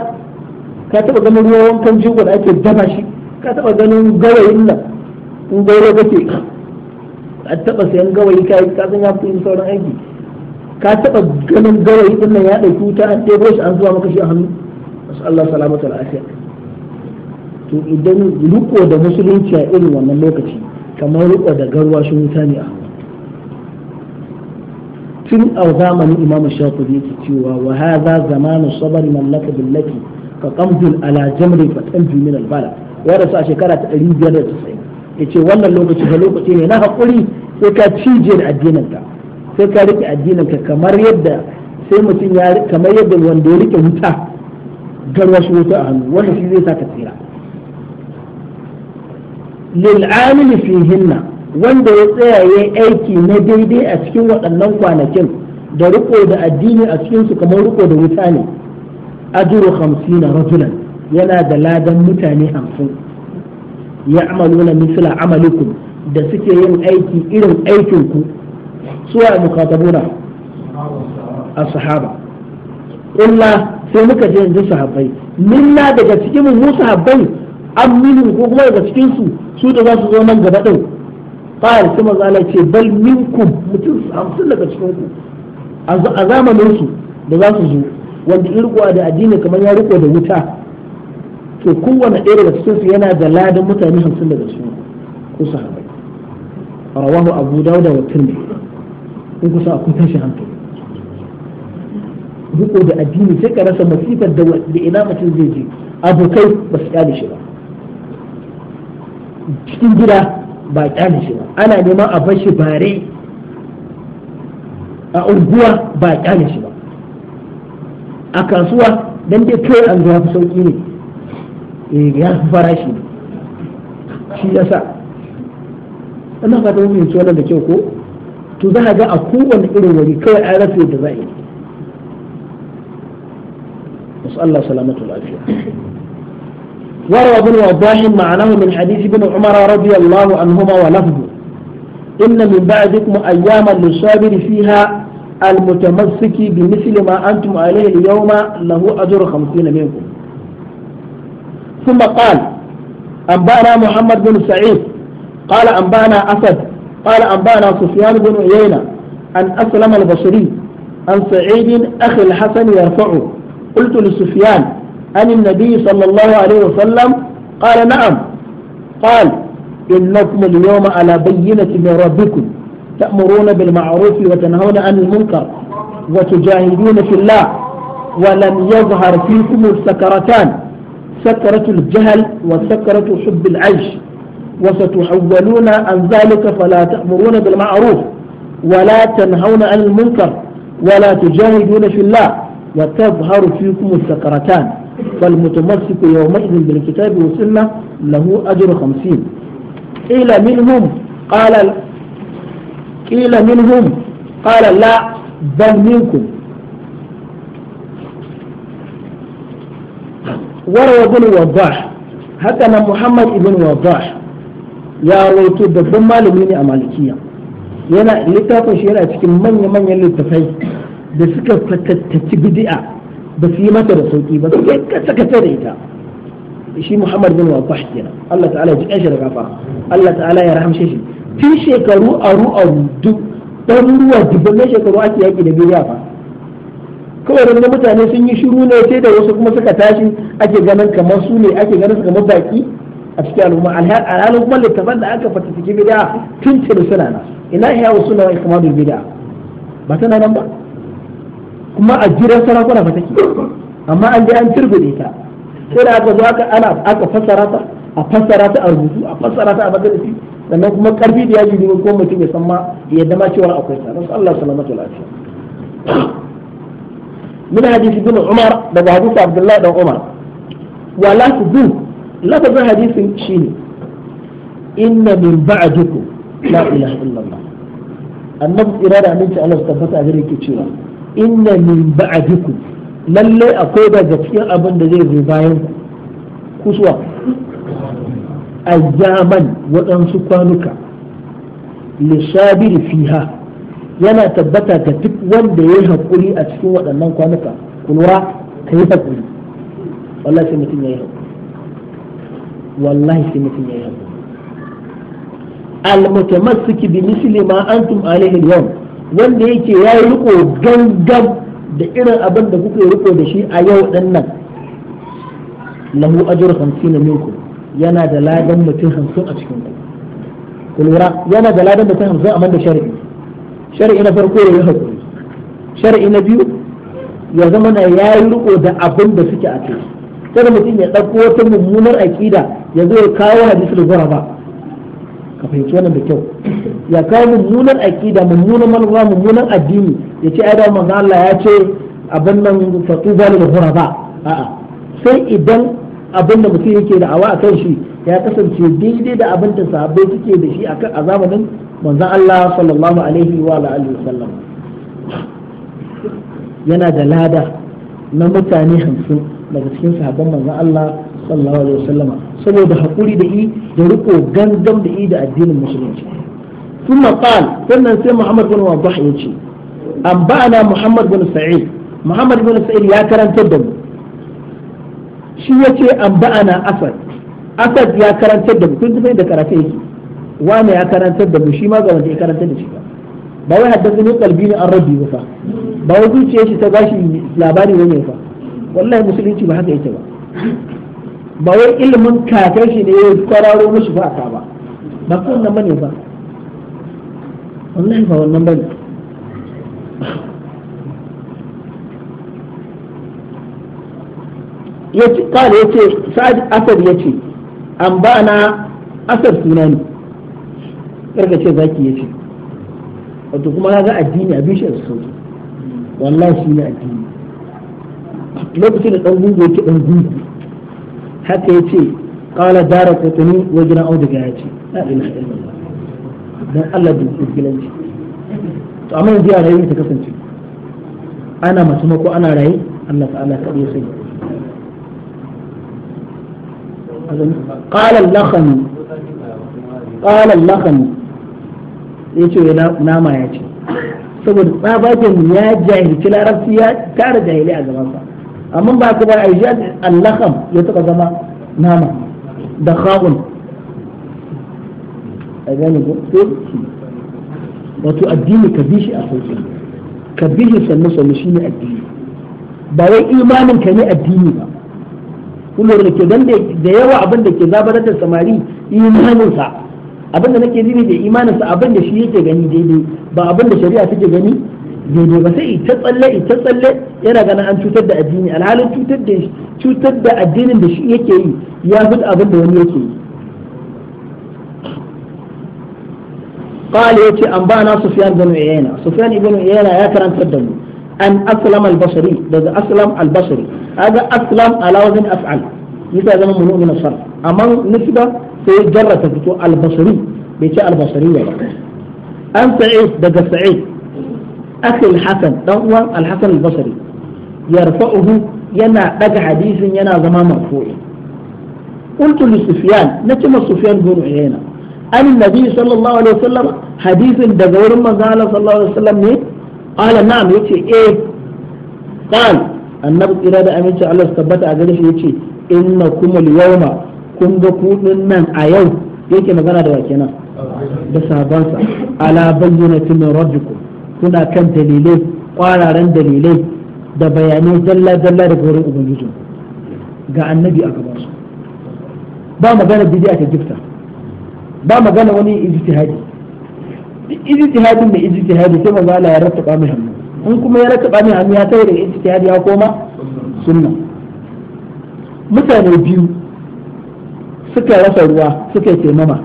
S1: ka taɓa ganin ruwa wankan jigo da ake dafa shi ka taɓa ganin gawayin nan in gaura kake a taɓa sayan gawayi ka ka san ya fi sauran aiki ka taɓa ganin gawayi din nan ya ɗauki wuta an ɗebo shi an zuwa maka shi a hannu masu Allah salamatu al'afiya to idan riko da musulunci a irin wannan lokaci kamar riko da garwa shi wuta ne a tun a zamanin imamu shafi yake cewa wa za zamanu sabr mallaka billati ka qamdun ala jamri fa tanju min bala wa rasu a shekara ta 590 yace wannan lokaci da lokaci ne na hakuri sai ka cije da addinin ka sai ka rike addinin ka kamar yadda sai mutum ya kamar yadda wanda ya rike wuta garwa shi wuta a hannu wannan shi zai saka tsira lil'amili fihinna wanda ya tsaya ya aiki na daidai a cikin waɗannan kwanakin da riko da addini a cikinsu kamar riko da wuta ne ajuru na rajulan yana da ladan mutane hamsin ya amaluna misila amalikum da suke yin aiki irin aikinku suwa mukatabuna a sahaba Kulla sai muka je yanzu sahabbai minna daga cikin mu sahabbai an ko kuma daga cikin su su da za su zo nan gaba din qal sai maza Allah ce bal minkum mutum 50 daga cikin ku a zamanin su da za su zo wanda irkuwa da addini kamar ya riko da wuta to kowane ɗaya daga cikin su yana da ladan mutane hamsin daga cikin ku a rawahu abu dawud wa tirmidhi in kusa akwai tashi hankali riko da addini sai ka rasa masifar da ina mutum zai je abokai ba su kyale shi ba cikin gida ba kyale shi ba ana neman a bar shi bare a unguwa ba kyale shi ba a kasuwa don dai kai an zuwa fi sauki ne eh, ya fi farashi ne shi ya sa ina fata mun yanzu wannan da kyau ko to za a ga a kowane irin wuri kawai an rafe da za'i musu Allah salamatu lafiya وروى ابن وضاح معناه من حديث ابن عمر رضي الله عنهما ولفظه إن من بعدكم أياما للصابر فيها المتمسك بمثل ما أنتم عليه اليوم له أجر خمسين منكم ثم قال أنبأنا محمد بن سعيد قال أنبأنا أسد قال أنبأنا سفيان بن عيينة أن أسلم البصري عن سعيد أخي الحسن يرفعه قلت لسفيان عن النبي صلى الله عليه وسلم قال نعم قال إنكم اليوم على بينة من ربكم تأمرون بالمعروف وتنهون عن المنكر وتجاهدون في الله ولم يظهر فيكم السكرتان سكرة الجهل وسكرة حب العيش وستحولون عن ذلك فلا تأمرون بالمعروف ولا تنهون عن المنكر ولا تجاهدون في الله وتظهر فيكم السكرتان فالمتمسك يومئذ بالكتاب والسنة له أجر خمسين قيل منهم قال قيل منهم قال لا بل منكم وروى ابن وضاح هكذا محمد ابن وضاح ya rawaito babban malami ne a malikiya yana littafin shi yana cikin manya-manyan littafai da suka fatattaki bid'a ba su yi mata da sauki ba su sakace da ita shi Muhammad bin Wakwah kenan Allah ta'ala ji kanshi da kafa Allah ta'ala ya rahamshe shi tun shekaru aru aru duk ɗaruruwa dubban shekaru ake yaƙi da biya fa kawai da mutane sun yi shiru ne sai da wasu kuma suka tashi ake ganin kamar su ne ake ganin su kamar baƙi. a cikin al'umma alhalin kuma littafan da aka fata fatafiki bid'a tun tiri suna na ina ya wasu na ikamadu bid'a ba tana nan ba kuma a jiran sarakuna ba take amma an je an turbide ta sai da aka zo aka ana aka fassara ta a fassara ta a rubutu a fassara ta a majalisi sannan kuma karfi da yaji ne ko mutum ya san ma ya dama cewa akwai ta don Allah salamatu lafiya من حديث bin Umar daga حديث عبد الله Umar عمر ولا تدو لا تدو حديث Inna min من بعدكم لا إله إلا الله النبي إرادة من الله تبت أجريك تشيرا inna min ba'dikum lalle akwai daga cikin abin da zai zo bayan ku kusuwa ayyaman waɗansu kwanuka lissabiri fiha yana tabbata ga duk wanda ya yi haƙuri a cikin waɗannan kwanuka kulwa ka yi haƙuri wallahi sai mutum ya yi haƙuri wallahi sai mutum ya yi haƙuri al-mutamassiki bi misli ma antum alayhi al-yawm wanda yake ya yi riko gangan da irin abin da kuke riko da shi a yau ɗan nan lahu ajru 50 minkum yana da ladan mutum 50 a cikin ku lura yana da ladan mutum 50 a da shari'i shari'i na farko ya yi hakuri shari'i na biyu ya zama na ya yi riko da abin da suke a kai kada mutum ya ɗauko wata mummunar aƙida ya zo ya kawo hadisul ba ka fahimci wannan da kyau ya kawo mummunan aƙida mummunan manufa mummunan addini ya ce ai da manzo Allah ya ce abin nan da hura ba a'a sai idan abin da mutum yake da awa akan shi ya kasance daidai da abin da sahabbai suke da shi akan a zamanin Allah sallallahu alaihi wa alihi wasallam yana da lada na mutane hamsin daga cikin sahabban manzon Allah sallallahu alaihi wasallam saboda hakuri da i da riko gangan da i da addinin musulunci ثم قال سنن سي محمد بن وضح يجي أنبأنا محمد بن سعيد محمد بن سعيد يا كرم تدم شو يجي أنبأنا أسد أسد يا كرم تدم كنت فين ذكرتيه وانا يا كرم تدم شي ما قال يا كرم تدم ba wai haddasa kalbi ne an rabbi ba fa ba wai zuciya shi ta bashi labari ne fa wallahi musulunci ba haka yake ba ba wai ilimin kakai shi ne ya kwararo mishi ba ba ba kun nan bane ba wannan ba wannan ce kawai ya ce sa'ad asar ya ce an bana asar suna ne karka ce ya ce, wato kuma kaga addini abin shi su sauki wallahi shi ne addini lokacin da ɗan gungu yake ɗan gungu haka yace qala dara qutni wa jina auduga yace na ilaha illallah dan Allah da isgilanci to amma yanzu ya rayu ta kasance ana mace ko ana raye Allah ta'ala ka iya sai قال اللخمي قال اللخمي yace ya nama ya ce saboda tsabagen ya jahilci larabci ya tara jahili a gabansa amma ba ka ba a yi ya taɓa zama nama da kha'un a gane ko wato addini ka bi shi a sauki ka bi shi sannu sannu shi ne addini ba wai imanin ka ne addini ba kullum da ke dan da yawa abin da ke zabarar da samari imaninsa abin da nake nufi da imaninsa abin da shi yake gani daidai ba abin da shari'a take gani daidai ba sai ita tsalle ita tsalle yana ganin an cutar da addini alhalin cutar da cutar da addinin da shi yake yi ya fi abin da wani yake yi قال يتي أنبانا سفيان بن عيينة سفيان بن عيينة يا كرم تدم أن أسلم البصري بذ أسلم البصري هذا أسلم على وزن أفعل مثل زمن منو من الصرف أما نسبة في جرة تفتو البصري بيتي البصرية أن سعيد بذ سعيد أخي الحسن دوان الحسن البصري يرفعه ينا بك حديث ينا زمان مرفوع قلت لسفيان نتم سفيان بن عيينه an nabi sallallahu alaihi wasallam hadisin daga wurin manzo Allah sallallahu alaihi wasallam ne qala na'am yace eh qal a kira da aminci Allah su tabbata a gare shi yace innakum al kun ga kudin nan a yau yake magana da wa da sabansa ala bayyinatin min rabbikum kuna kan dalilai kwararan dalilai da bayanai dalla dalla daga wurin ubangiji ga annabi a gaban su ba magana bidiya ta gifta ba magana wani ijtihadi ijtihadin da ijtihadi sai manzo Allah ya rattaba mai hannu in kuma ya rattaba mai hannu ya tare da ijtihadi ya koma sunna mutane biyu suka rasa ruwa suka taimama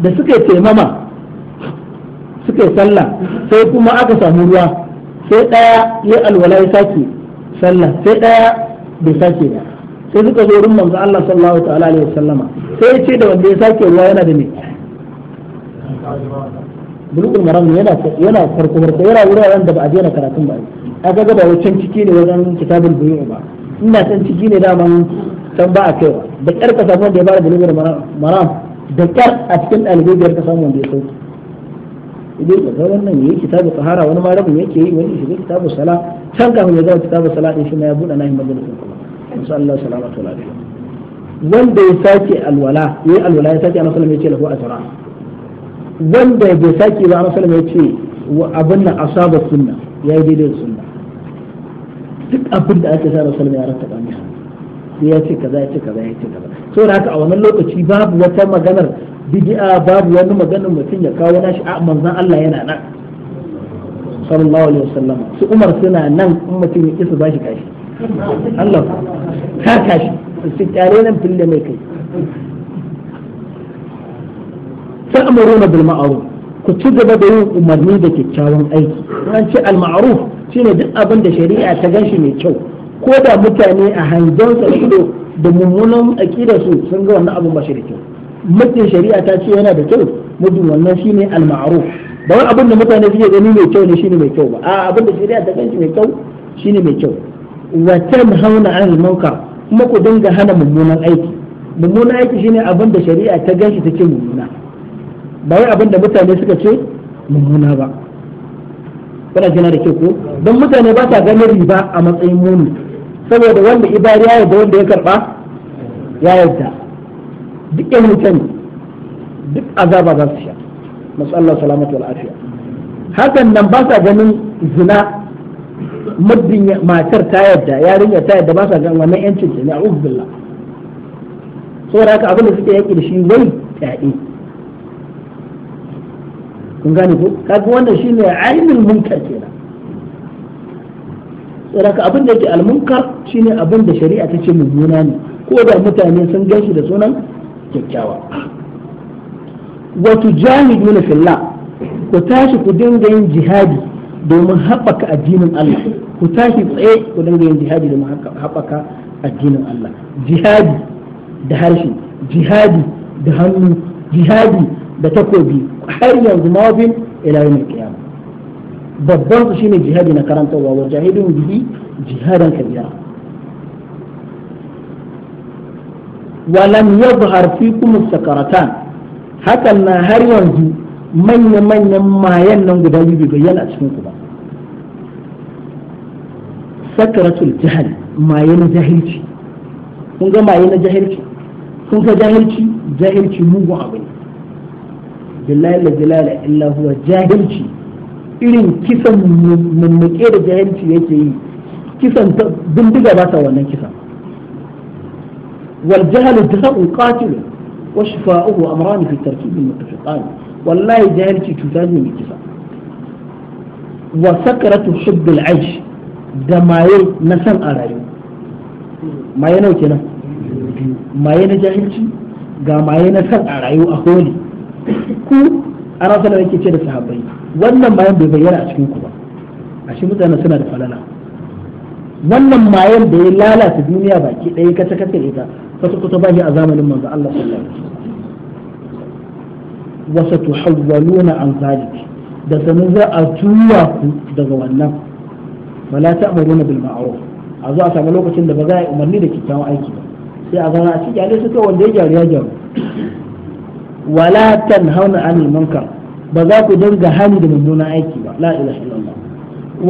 S1: da suka taimama suka yi sallah sai kuma aka samu ruwa sai daya ya alwala ya sake sallah sai daya bai sake ba sai suka zo wurin manzo Allah sallallahu ta'ala alaihi wasallama sai ya ce da wanda ya sake ruwa yana da ne bulugul maram yana yana farko farko yana wuraren da ba a daina karatun ba a ga ba wancan ciki ne wajen kitabul buyu ba ina san ciki ne da man san ba a kaiwa da kyar ka samu da ya bar bulugul maram da kar a cikin ɗalibai biyar ka samu wanda ya sauki idan ka ga wannan yayi kitabu tahara wani ma rabin yake yi wani shi kitabu sala can kafin ya zama kitabu sala din shi ma ya buɗe nahi majalisin kuma musan Allah salamatu lafiya wanda ya sake alwala ya alwala ya sake annabi ya ce lahu ajra wanda bai sake ba annabi ya ce wa abin nan asaba sunna ya yi daidai da sunna duk abin da aka sa rasul ya rantaba mishi sai ya ce kaza ya ce kaza ya ce kaza saboda haka a wannan lokaci babu wata maganar bid'a babu wani maganar mutum ya kawo nashi a manzon Allah yana nan sallallahu alaihi wasallam su Umar suna nan in mutum ya kisa bashi kashi Allah kaka shi su kyale nan fille mai kai ta amuru na bil ma'ruf ku ci gaba da yin umarni da kyakkyawan aiki an ce al ma'ruf shine duk abin da shari'a ta ganshi mai kyau ko da mutane a hangen sa ido da mummunan akidar su sun ga wannan abin ba shi da kyau mutum shari'a ta ce yana da kyau mutum wannan shine al ma'ruf ba wani abin da mutane suke gani mai kyau ne shine mai kyau ba a abin da shari'a ta ganshi mai kyau shine mai kyau wa hauna an kuma ku dinga hana mummunan aiki mummunan aiki shine abin da shari'a ta gashi take mummuna ba wai abin da mutane suka ce mummuna ba kana jina da ke ko don mutane ba sa ganin riba a matsayin muni saboda wanda ibari ya yarda wanda ya karba ya yarda duk yan mutane duk azaba za su sha masu Allah salamatu wal afiya hakan nan ba sa ganin zina muddin matar ta yadda yarinya ta yadda ba sa ga wannan yancin ta ne a ubillah saboda haka abin da suke yaki da shi wai fyaɗe kun gane ko kaga wannan shine ainihin munkar kenan saboda haka abin da yake almunkar shine abin da shari'a ta ce mummuna ne ko da mutane sun gashi da sunan kyakkyawa wa tujahiduna fillah ku tashi ku dinga yin jihadi domin haɓaka addinin Allah ku tashi tsaye ku dinga yin jihadi domin haɓaka addinin Allah jihadi da harshe jihadi da hannu jihadi da takobi har yanzu mawabin ila yawmin babban su shine jihadi na karantarwa wa jahidun bihi jihadan kabira walam yadhhar fikum sakaratan hakan na har yanzu manya-manyan mayan nan guda biyu bayyana a cikin ku ba sakaratul jahal mayan jahilci kun ga maye na jahilci kun ga jahilci jahilci mugun abu ne billahi la jilala illa huwa jahilci irin kisan mummuke da jahilci yake yi kisan bindiga ba ta wannan kisan wal jahalu da'u qatil wa shifa'uhu amran fi tarkib al-muttafiqan wallahi jahilci cuta ne mai kisa wa sakaratu hubbul aish da maye na san a rayu maye nau nan, maye na jahilci ga maye na san a rayu a holi ku a rasa da yake ce da sahabbai wannan mayan bai bayyana a cikin ku ba a shi mutane suna da falala wannan mayan da ya lalata duniya baki ɗaya kasa kasa ita kwata kwata ba shi a zamanin manzo Allah sallallahu alaihi wasu tuhawwaluna an zalik da sanin za a tura ku daga wannan wala ta'muruna bil ma'ruf a zo a samu lokacin da ba za a yi umarni da kyakkyawan aiki ba sai a zama a ci gyale su wanda ya gyaru ya gyaru wala tanhauna anil munkar ba za ku dinga hani da mummunan aiki ba la ilaha illallah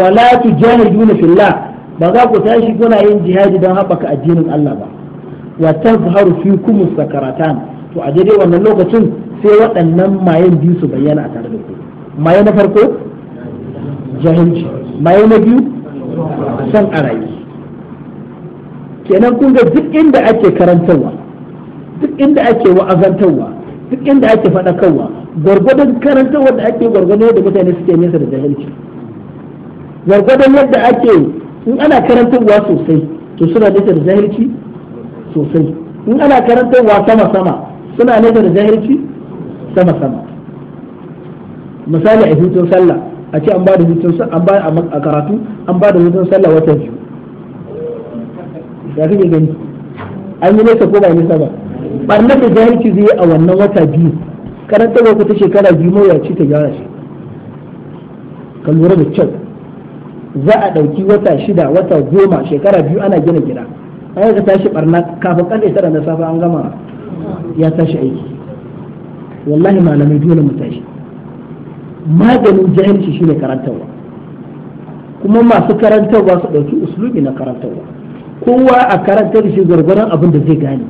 S1: wala tujahiduna fillah ba za ku tashi kuna yin jihadi don haɓaka addinin Allah ba wa tazharu fikum sakaratan to a daidai wannan lokacin sai waɗannan mayan biyu su bayyana a tare da ku maye na farko jahilci maye na biyu son arayi kenan kun ga duk inda ake karantarwa duk inda ake wa'azantarwa duk inda ake faɗakarwa gwargwadon karantarwa da ake gwargwadon yadda mutane suke nesa da jahilci gwargwadon yadda ake in ana karantarwa sosai to suna nesa da jahilci sosai in ana karantarwa sama sama suna nesa da jahilci sama sama misali a hutun sallah a ce an ba da hutun an ba a karatu an ba da hutun sallah wata biyu da kake gani an yi nesa ko ba nesa ba barnar da jahilci zai yi a wannan wata biyu karantarwa ku ta shekara biyu mawuyaci ta gyara shi ka lura da kyau za a ɗauki wata shida wata goma shekara biyu ana gina gida an ka tashi barna kafin ƙarfe tara na safe an gama ya tashi aiki wallahi malamai dole mu tashi
S2: maganin
S1: jahilci shine karantarwa kuma masu karantarwa su ɗauki uslubi na karantarwa kowa a karantar shi gwargwaron abin da zai gane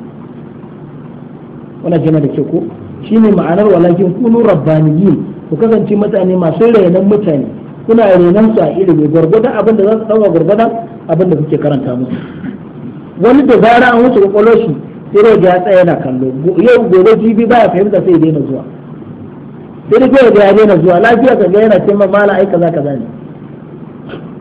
S1: wannan jama'a da ke ko shine ma'anar walakin kunu rabbaniyin ku kasance mutane masu renon mutane kuna renon su a ilimi gwargwadon abin da za su ɗauka gwargwadon abin da kuke karanta musu wani da zara an wuce kwakwalwar shi sai ya tsaya yana kallo yau gobe jibi baya fahimta sai daina zuwa sai dai ya ya daina zuwa lafiya ka ga yana cewa mala aika kaza kaza ne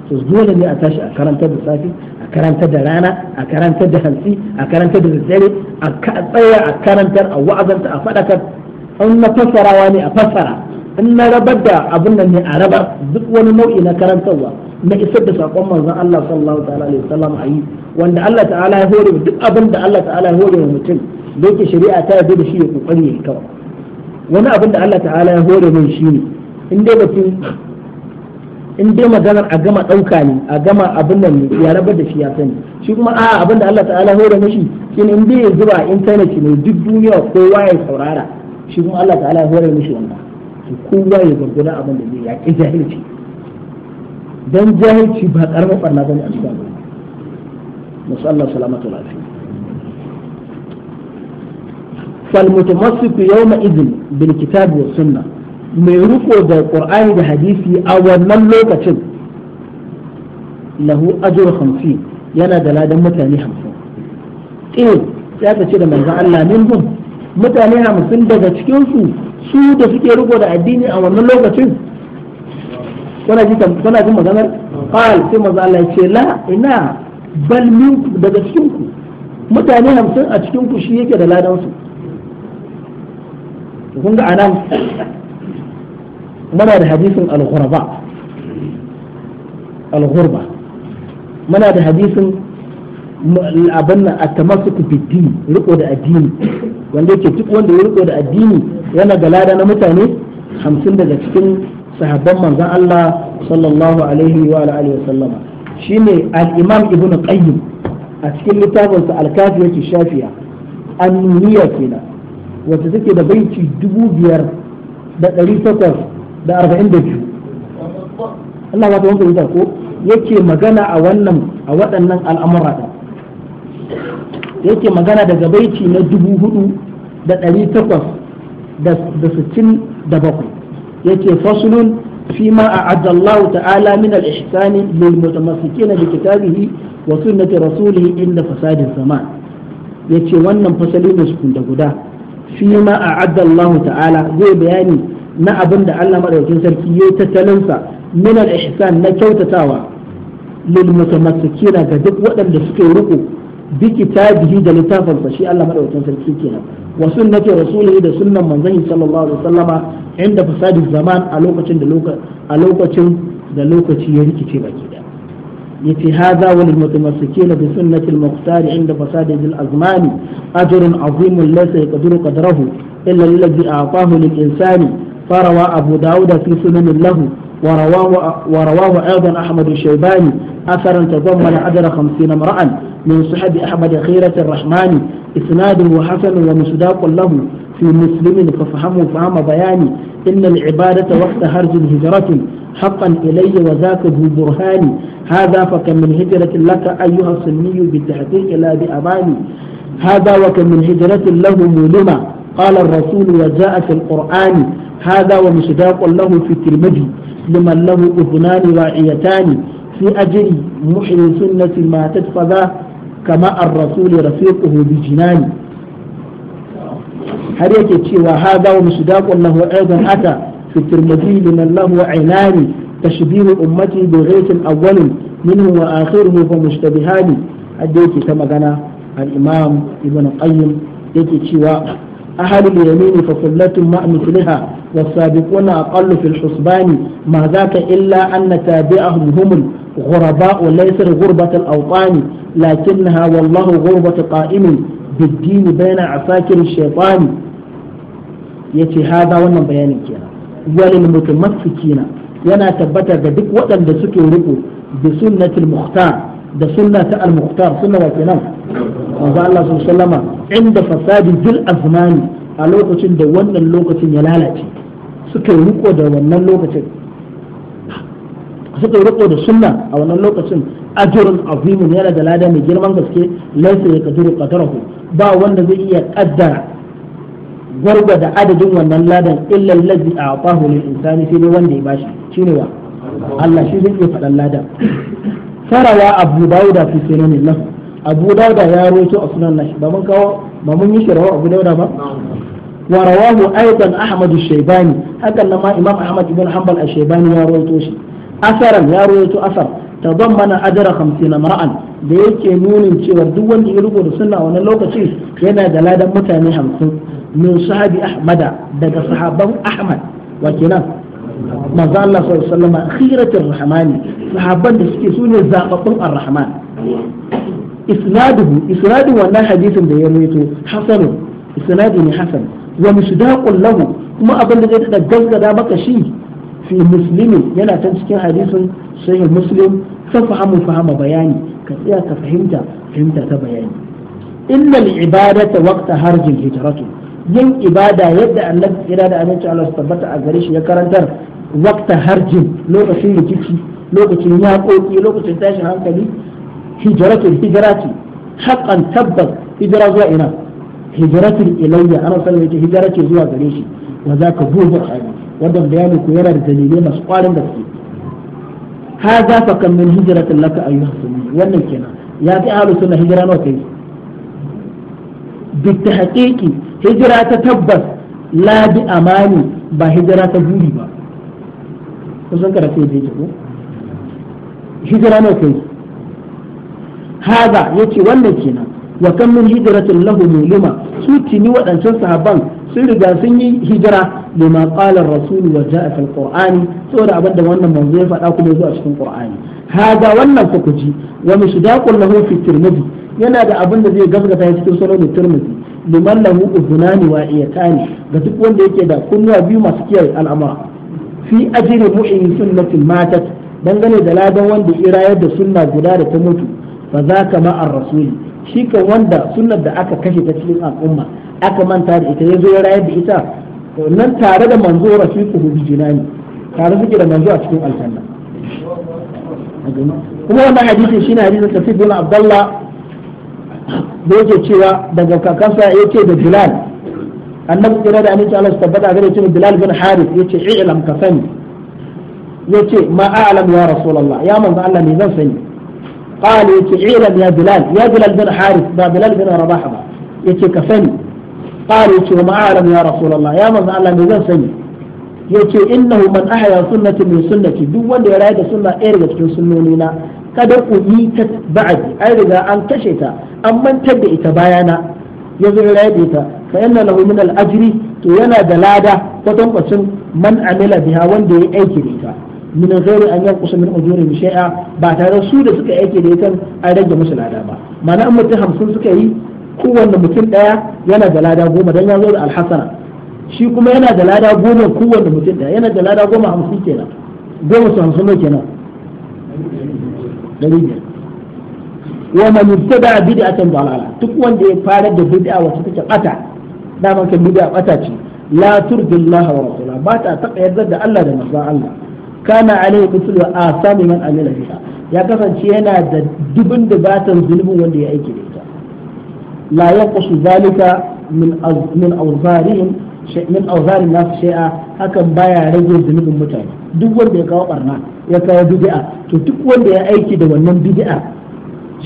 S1: to dole ne a tashi a karantar da safi a karantar da rana a karantar da hantsi a karantar da daddare a tsaya a karantar a wa'azanta a faɗakar an na fassarawa ne a fassara in na rabar da abin nan ne a rabar duk wani nau'i na karantarwa na isar da sakon manzon Allah sallallahu ta'ala alaihi wasallam a yi wanda Allah ta'ala ya hore duk abin da Allah ta'ala ya hore wa mutum da yake shari'a ta yarda da shi ya kokari ya kawo wani abin da Allah ta'ala ya hore mai shine in dai mutum in dai maganar a gama ɗauka ne a gama abin nan ya rabar da shi ya sani shi kuma a abin da Allah ta'ala hore mishi shine in dai ya zuba intanet ne duk duniya kowa ya saurara shi kuma Allah ta'ala ya hore mishi wannan to kowa ya gurguna abin da zai yaƙi jahilci don jahilci ba ƙarfa ba ne a cikin al'umma musu Allah salamatu lafiya فالمتمسك يومئذ بالكتاب والسنة mai riko da qur'ani da hadisi a wannan lokacin lahu ajru 50 yana da ladan mutane 50 eh ya ta ce da manzon Allah min mutane hamsin daga cikinsu su da suke riko da addini a wannan lokacin kuna ji kuna jin maganar qal sai maza Allah ce la ina bal minku daga cikinku mutane hamsin a cikinku shi yake da ladan su kun ga anan muna da hadisin al-ghurba al-ghurba muna da hadisin abin a at-tamassuku riko da addini wanda yake duk wanda ya riko da addini yana da lada na mutane hamsin daga cikin sahabban manzon Allah sallallahu alaihi wa alihi wa sallama shine al-imam ibn qayyim a cikin littafin sa al-kafiyatu shafiya annuniya kenan wacce take da baiti dubu biyar da ɗari takwas da arba'in da biyu Allah ba ta wanka ko yake magana a wannan a waɗannan al'amura da yake magana daga baiti na dubu hudu da ɗari takwas da sittin da bakwai yake fasulun فيما أعد الله تعالى من الإحسان للمتمسكين بكتابه وسنة رسوله عند فساد الزمان yace wannan fasali ne su da guda fima ma a'adda ta'ala zai bayani na abin da Allah madaukakin sarki yayi tattalin sa min al-ihsan na kyautatawa lil mutamassikin ga duk waɗanda suke ruku. bi bihi da littafinsa shi Allah madaukakin sarki kenan wa sunnati rasulihi da sunnan manzon sallallahu alaihi wasallama inda fasadi zaman a lokacin da a lokacin da lokaci ya rikice baki da yace hadha wal mutamassikina bi sunnati al muqtar inda fasadi al azman ajrun azim laysa yaqdiru qadrahu illa alladhi a'tahu lil insani farawa abu dawud fi sunan lahu ورواه, ورواه أيضا أحمد الشيباني أثرا تضمن عدد خمسين امرأ من صحب أحمد خيرة الرحمن إسناده حسن ومصداق له في مسلم ففهموا فهم بياني إن العبادة وقت هرج هجرة حقا إلي وذاك ذو برهان هذا فكم من هجرة لك أيها السني بالتحقيق لا بأباني هذا وكم من هجرة له مولمة قال الرسول وجاء في القرآن هذا ومصداق له في الترمذي مسلما له اذنان واعيتان في اجر محيي سنه ما تتفذا كما الرسول رفيقه بجنان هل يكي وهذا ومصداق له ايضا اتى في الترمذي لمن له عينان تشبيه امتي بغيث اول منه واخره فمشتبهان هل يكي كما قال الامام ابن القيم يكي أهل اليمين فصلة مع مثلها والسابقون أقل في الحسبان ما ذاك إلا أن تابعهم هم الغرباء ليس غربة الأوطان لكنها والله غربة قائم بالدين بين عساكر الشيطان يتي هذا وانا بيان كينا وللمتمسكين yana tabbata ga duk waɗanda suke riko da sunnatul muhtar da sunna ta al-muhtar sunna wa kenan manzo Allah sallallahu sallama inda fasadi dil azmani a lokacin da wannan lokacin ya lalace suka yi riko da wannan lokacin suka yi riko da sunna a wannan lokacin ajrun azimun yana da lada mai girman gaske laysa yaqdiru qadarahu ba wanda zai iya kaddara da adadin wannan ladan illa allazi a'tahu lil insani sai dai wanda ya bashi shine wa Allah shi zai iya faɗan ladan farawa abu dawuda fi sunanin lahu abu dauda ya rawaito a sunan nashi ba mun kawo ba mun yi shirawa abu dauda ba wa rawahu aidan ahmad shaybani hakan na ma imam ahmad ibn hanbal a shaybani ya rawaito shi asaran ya rawaito asar tadammana ajra 50 mar'an da yake nunin cewa duk wanda ya rubuta sunna wannan lokaci yana da ladan mutane 50 min sahabi ahmada daga sahaban ahmad wa kenan manzo Allah sallallahu alaihi wasallam khiratul rahmani sahabban da suke sune zababbun ar isnaduhu isnadin wannan hadisin da ya rawaito hasan isnadi ne hasan wa kuma abin da zai da gaggada maka shi fi muslimin yana ta cikin hadisin sahih muslim fa fahamu bayani ka tsaya ka fahimta fahimta ta bayani innal ibadata waqta harjin hijratu yin ibada yadda Allah yana da aminci Allah tabbata a gare ya karantar waqta harjin lokacin rikici lokacin yaƙoƙi lokacin tashin hankali hijratul ce hakan tabbas hijira zuwa ina hijratul ilayya ana sallallahu alaihi hijra ce zuwa gare shi wa zaka bubu hali wannan bayani ko yana da dalilai masu kwarin gaske hadha fa kam min laka ayyuha sunni wannan kenan ya fi nawa بالتحقيق هجرة تتبس لا بأماني بهجرة تبوري با kusan karatu da yake ko hijira nawa haza yace wannan kenan wa kan min hijratin lahu mulima su tini waɗancan sahabban sun riga sun yi hijira da makalar ar waje wa ja'a fil qur'ani saboda abin da wannan manzo ya faɗa kuma zuwa cikin qur'ani haza wannan fa kuji wa misdaqul lahu fi tirmidhi yana da abin da zai gaskata ya cikin sunan tirmidhi liman lahu udhunani wa iyatani ga duk wanda yake da kunnuwa biyu masu kiyaye al'amara fi ajri mu'in sunnatin matat dangane da ladan wanda ya da sunna guda da ta mutu fa za ka ma ar-rasuli shi kan wanda sunnar da aka kashe ta cikin al'umma aka manta da ita yazo ya rayar da ita nan tare da manzo rafiquhu bi jinani tare suke da manzo a cikin aljanna kuma wannan hadisi shine hadisin tafsir bin abdullah da yake cewa daga kakansa ya ce da bilal annabi kira da annabi Allah tabbata gare shi bilal bin harith yace i'lam ka sani yace ma a'lam ya rasulullah ya manzo Allah ne zan sani قال يتعيلا يا بلال يا بلال بن حارث با بلال بن رباح با يتي كفني قال يتي وما أعلم يا رسول الله يا من الله ميزان سني يتي إنه من أحيا سنة من سنتي دو وان يرايد سنة إيرغة من سنونينا قد أميتت بعد أيرغة أن كشتا أما تبع تبايانا يزو يرايد فإن له من الأجر تو ينا دلادة وتنقص من عمل بها وان دي أيكي min ghairi an yanqusa min ujurihim shay'a ba tare su da suka aike da yakan an rage musu lada ba mana an mutum hamsin suka yi kowanne mutum daya yana da lada goma dan ya zo da alhasana shi kuma yana da lada goma kowanne mutum daya yana da lada goma hamsin kenan goma su hamsin ne kenan dari biyar wa man ibtada bid'atan dalala duk wanda ya fara da bid'a wacce take bata daman kan ce la wa rasula ba ta da Allah da manzon Allah kana alai a sami man amila biha ya kasance yana da dubin dubatan zunubin wanda ya aiki da ita la yaqsu zalika min min awzarihim min awzarin nas shay'a hakan baya rage zunubin mutane duk wanda ya kawo barna ya kawo bid'a to duk wanda ya aiki da wannan bid'a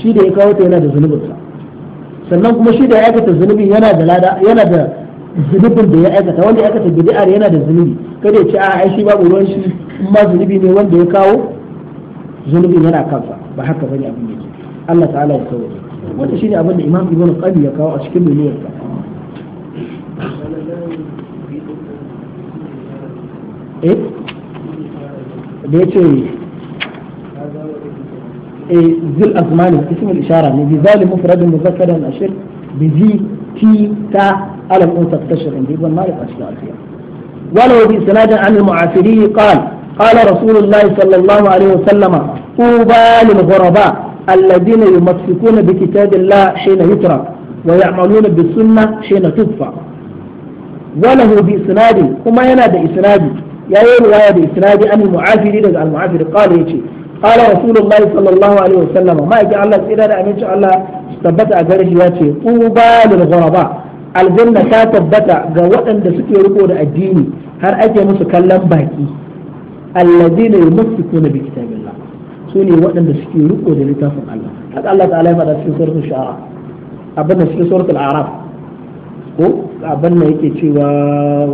S1: shi da ya kawo ta yana da zulubinsa sannan kuma shi da ya aikata zunubin yana da lada yana da zunubin da ya aikata wanda ya aikata bid'ar yana da zunubi kada ya ce a ai shi babu ruwan shi in ma zunubi ne wanda ya kawo zunubin yana kansa ba haka bane abin yake Allah ta'ala ya sauke wanda shine abin da Imam Ibn Qabi ya kawo a cikin duniyar
S2: sa
S1: eh da yace eh zil asmani ism al ishara ne bi zalim mufradun muzakkaran ashir bi zi ti ta alam unsa tashir inda ibn Malik a cikin alfiya ولو بإسناد عن المعافري قال قال رسول الله صلى الله عليه وسلم طوبى للغرباء الذين يمسكون بكتاب الله حين يترك ويعملون بالسنة حين تدفع وله بإسناد كما ينادى إسنادي يا رواية بإسنادي أن المعافر إذا المعافر قال يجي قال رسول الله صلى الله عليه وسلم ما يجعل الله سيدنا أن يجعل الله ثبت أجره ياتي طوبى للغرباء aljanna ta tabbata ga waɗanda suke riko da addini har ake musu kallon baki alladina yumassikuna bi kitabillah su ne waɗanda suke riko da littafin Allah haka Allah ta'ala ya faɗa cikin suratul shu'ara abin a'raf ko abin da yake cewa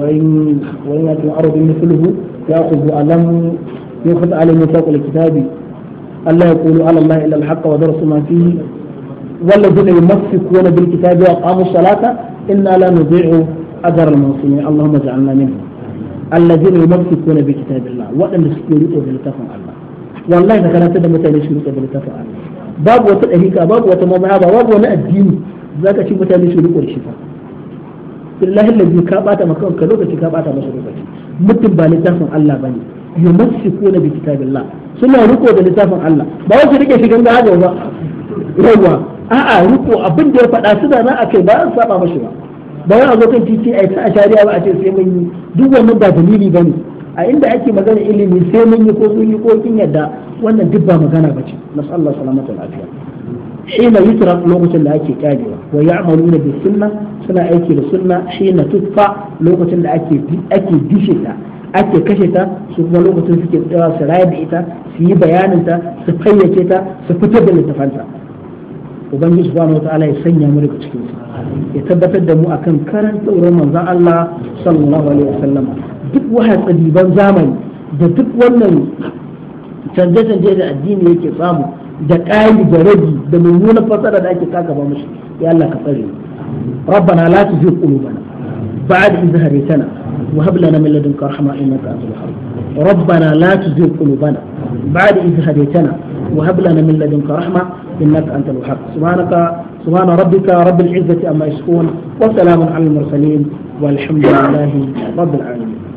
S1: wayin ya tun na sulhu ya khudhu alam yukhadhu alayhi kula kitabi Allah yaqulu ala Allah illa al-haqq wa darasu ma fihi والذين يمسكون بالكتاب وأقاموا الصلاة إنا لا نضيع أجر المحسنين اللهم اجعلنا منهم allazina yumsikuna bi kitabillah waɗanda suke riko da littafin Allah wallahi ka karanta da mutane su riko da littafin Allah babu wata dariƙa babu wata mamaya babu wani addini zaka ci mutane su riko shi fa billahi allazi ka bata maka ka lokaci ka bata masa lokaci mutum ba littafin Allah bane yumsikuna bi kitabillah suna riko da littafin Allah ba wai su rike shi ganga ba yawa a'a riko abin da ya faɗa suna na kai ba saba mashi ba ba wai a zo kan titi a ta shari'a ba a ce sai mun yi duk wannan ba dalili bane a inda ake magana ilimi sai mun yi ko sun yi ko kin yadda wannan duk ba magana bace nasallahu mata lafiya hina yutra lokacin da ake kajewa wa ya'maluna da sunna suna aiki da sunna hina tutfa lokacin da ake ake dishe ta ake kashe ta su kuma lokacin suke tsawa su raya da ita su yi bayanin ta su fayyace ta su fitar da littafanta ubangiji subhanahu ta'ala ya sanya mu daga cikin su ya tabbatar da mu akan karan tsoron manzon Allah sallallahu alaihi wasallam duk wahatsa diban zamani da duk wannan canje-canje da addini yake samu da ƙari da rabi da mummunan fasara da ake kaka ba mushi ya Allah ka tsare rabbana la tuzigh qulubana ba'da idh hadaytana wa hab lana min ladunka rahma innaka antal wahhab ربنا لا تزغ قلوبنا بعد إذ هديتنا وهب لنا من لدنك رحمة إنك أنت الوهاب سبحانك سبحان ربك رب العزة أما يشكون وسلام على المرسلين والحمد لله رب العالمين